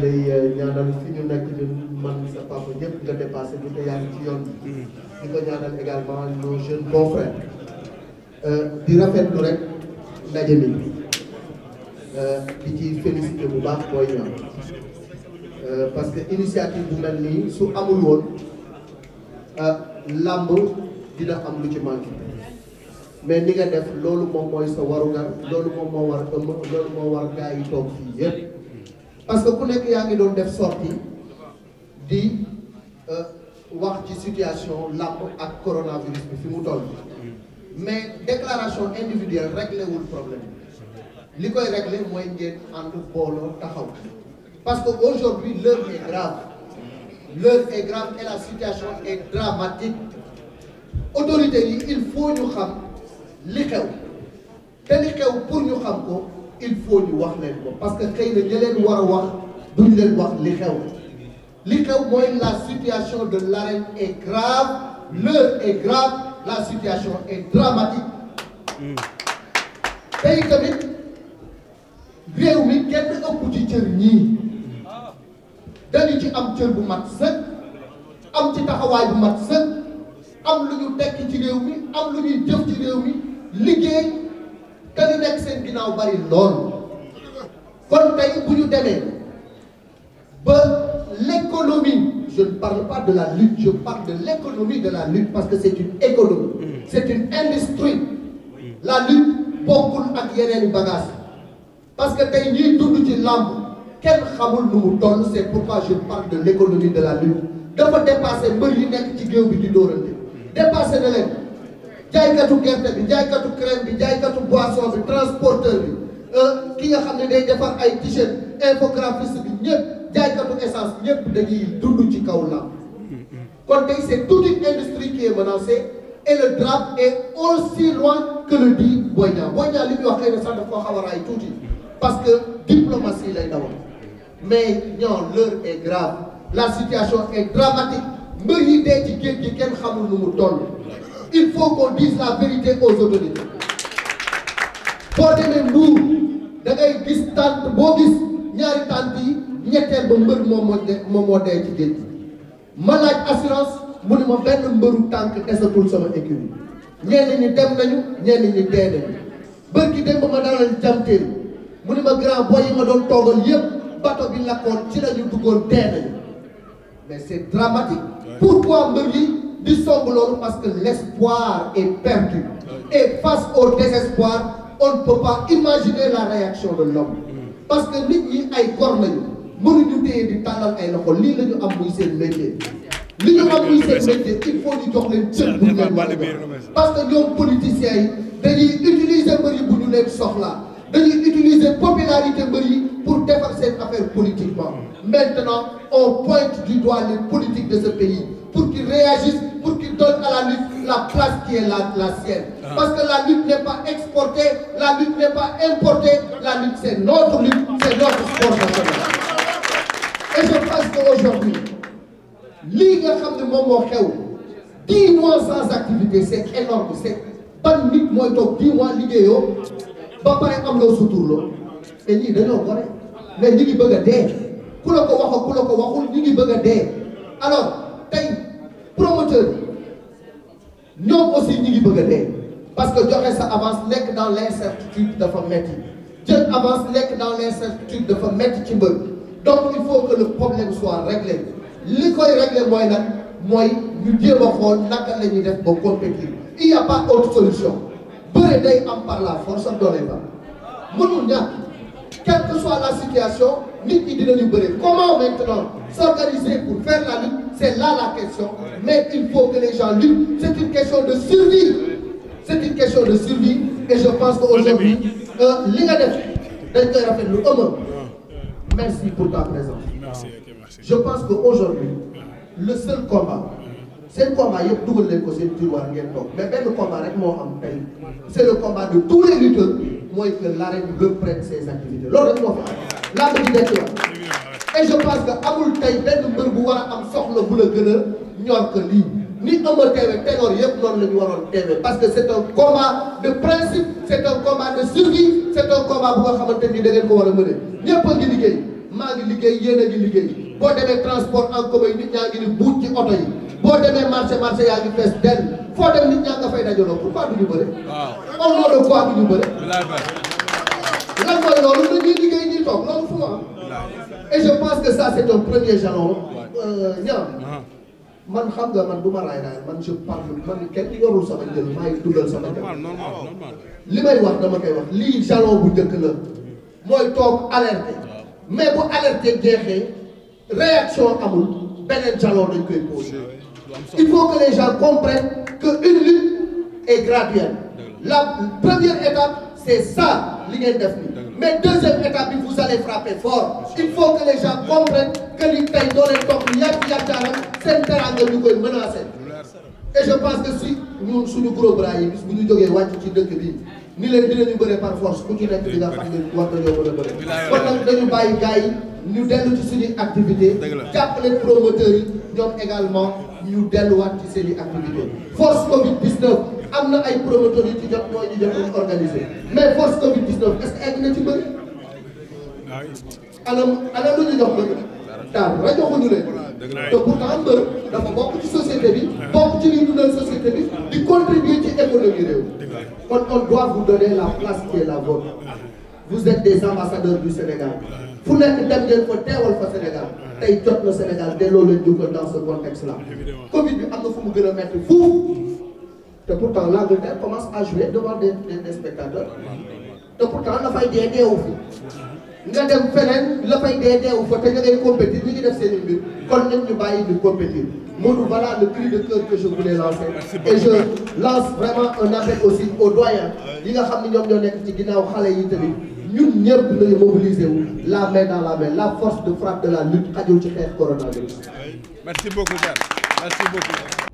lay euh, ñaanal fi ñu nekk ñun man sa papa ñëpp nga dépassé ñu te yaa ci yoon bi mm-hmm. di ko ñaanal également nos jeunes bons frères euh, di rafetlu rek ndaje mi euh, di ci félicité bu baax booy ñaan parce que initiative bu mel nii su amul woon làmb dina am lu ci manqué mais ni nga def loolu moom mooy sa warugar loolu moom moo war ëmb loolu moo yi parce que ku nekk yaa ngi doon def sortie di euh, wax ci situation làmb ak coronavirus bi fi mu toll mais déclaration individuelle réglé wul problème li koy réglé mooy ngeen ànd booloo taxaw parce que aujourd'hui l'heure est grave l'heure est grave et la situation est dramatique autorité yi il faut ñu xam li xew te li xew pour ñu xam ko il faut ñu wax leen ko parce que xëy na ña leen war a wax duñ leen wax li xew li xew mooy la situation de l'arène est grave l'heure est grave la situation est dramatique hmm. tey tamit réew mi kenn ëpp ci cër ñii dañu ci am cër bu mat sëkk am ci taxawaay bu mat sëkk am lu ñu tekk ci réew mi am lu ñuy jëf ci réew mi liggéey te ñu nekk seen ginnaaw bari lool kon tey bu ñu demee ba l'économie je par parle pas de la lutte je parle de l'économie de la lutte parce que c'est une économie c'est une industrie la lutte bokkul ak yeneen bagage parce que tey ñuy dund ci làmb kenn xamul nu mu toll c'est pourquoi je parle de l'économie de la lutte dafa dépasser mbër yi nekk ci géew bi di dóorante dépassé na leen jaaykatu gerte bi jaaykatu crème bi jaaykatu boisson bi transporteur bi euh, ki nga xam ne day defar ay t-shirt infographiste bi ñëpp jaaykatu essence ñëpp dañuy dund ci kaw làmb kon tey c'est toute une industrie qui est et aussi loin que le dit Boy Niang Boy wax xëy na sax daf a raay tuuti parce que diplomatie lay dawal mais ñoo l'heure est grave la situation est dramatique mbër yi dee ci géej gi kenn xamul nu mu toll il faut qu'on dise la vérité aux autorités boo demee Mbour da gis tànt boo gis ñaari tànt yi ñetteel ba mbër moom moo dee moom moo dee ci géej ma laaj assurance mu ne ma benn mbëru tànk desatul sama écurie ñenn ñi dem nañu ñenn ñi dee nañu bër gi dem ba ma dalal jamtéer mu ne ma grand boy yi ma doon toogal yëpp bato bi lakkoon ci la ñu duggoon dee nañu mais c'est dramatique pourquoi mbër yi di somb parce que l'espoir est perdu et face au désespoir on ne peut pas imaginer la réaction de l'homme parce que nit ñi ay góor lañu mënuñu téye di tàllal ay loxo lii la am muy seen métier li ñu am muy seen métier il faut ñu jox leen cër bu ñu leen parce que ñoom politiciens yi dañuy utiliser mbër yi bu ñu leen soxla dañuy utiliser popularité mbër yi pour defar seen affaire politiquement maintenant on pointe du doigt les politiques de ce pays pour qu'il donne à la place qui la, sienne. Ah. Parce que la lutte n'est pas exportée, la lutte n'est pas importée, la lutte c'est notre lutte, c'est notre sport national. Et je pense qu'aujourd'hui, nga xam ne moom moo xew dix mois sans activité c'est énorme c'est ban nit mooy toog dix mois liggéeyoo ba pare am loo suturloo te ñii dañoo gore mais ñu ngi bëgg dee ku la ko wax ku la ko waxul ñu ngi bëgg dee alors ñoom aussi ñu ngi bëgg a parce que joxe sa avance nekk dans l'incertitude dafa metti jël avance nekk dans l'incertitude dafa metti ci mbër donc il faut que le problème soit réglé li koy réglé mooy nag mooy ñu jéem a xool naka la ñuy def ba compétir il y a pas autre solution bëre day am par la force doole ba mënul ñàkk quelle que soit la situation nit ñi dinañu bëre comment maintenant s'organiser pour faire la lutte, c'est là la question. Mais il faut que les gens luttent. C'est une question de survie. C'est une question de survie. Et je pense qu'aujourd'hui, euh, li nga def dañ koy rafetlu ëmb. Merci pour ta présence. Je pense qu'aujourd'hui, le seul combat seen combat yëpp dugal leen ko seen tiroir ngeen toog mais benn combat rek moo am tey c' est le combat de tous les lutteurs mooy que l'arène reprenne ses activités loolu rek moo fa la làmb ji et je pense que amul tey benn mbër bu war am soxla bu la gën a ñor que lii ni Eumeu teewe ténor yëpp noonu la ñu waroon teewe parce que c' est un combat de principe c' est de survie c' est bu nga xamante ni da ngeen ko war a mën a ñëpp ngi liggéey maa ngi liggéey yéen ngi liggéey boo demee transport en commun nit ñaa ngi ni buut ci oto yi boo demee marché marché yaa ngi fees dell foo dem nit ñaa nga fay dajaloo pourquoi du ñu de quoi du et je pense que ça c'est un premier jalon. ñaar euh, uh-huh. man xam man du ma raay man je parle man kenn yorul sama njël maa ngi dugal sama li may wax dama koy wax lii jalon bu njëkk la mooy toog alerté mais bu alerté jeexee réaction amul beneen jalon dañ koy posé. il faut que les gens comprennent que une lutte est graduelle. la première étape c'est ça li ngeen def mais deuxième étape bi e allez frapper fort il faut que les gens comprennent que li tey doo leen toog yàgg yàggaaram seen teranga ñu koy menacer et je pense que si ñun suñu gros bras yi bis bu ñu jógee wàcc ci dëkk bi ni leen dinañu bëre par force ku ci nekk di nga xam ne war nañoo mën dañu bàyyi gars yi ñu dellu ci suñuy activité jàppale promoteurs yi ñoom également ñu delluwaat ci seen i activité force Covid 19 am na ay promoteurs yu ci mooy ñu jot mais force Covid 19 est que egg na ci mbëri. anam anam lu ñu jox mbëri daal rajo ko ñu leen te dafa bokk ci société bi bokk ci li dundal société bi di contribuer ci économie réew. kon on doit vous donner la place qui la vôtre vous êtes des ambassadeurs du Sénégal fu nekk dem ngeen ko teewal fa Sénégal tey jot na Sénégal delloo leen jukkal dans ce contexte là Covid bi am na fu mu gën a métti fuuf. te pourtant la vérité elle commence à jouer devant des des te pourtant la fay dee deewu fi nga dem feneen la fay dee deewu fa te nga ngay compétir ñu ngi def seen i mbir kon nañ ñu bàyyi di compétir Modou voilà le cri de que je voulais lancer et je lance vraiment un appel aussi aux doyens yi nga xam ne ñoom ñoo nekk ci ginnaaw xale yi tamit ñun ñëpp nañu mobiliser wu la main dans la main la force de frappe de la lutte xajul ci xeex coronavirus. merci beaucoup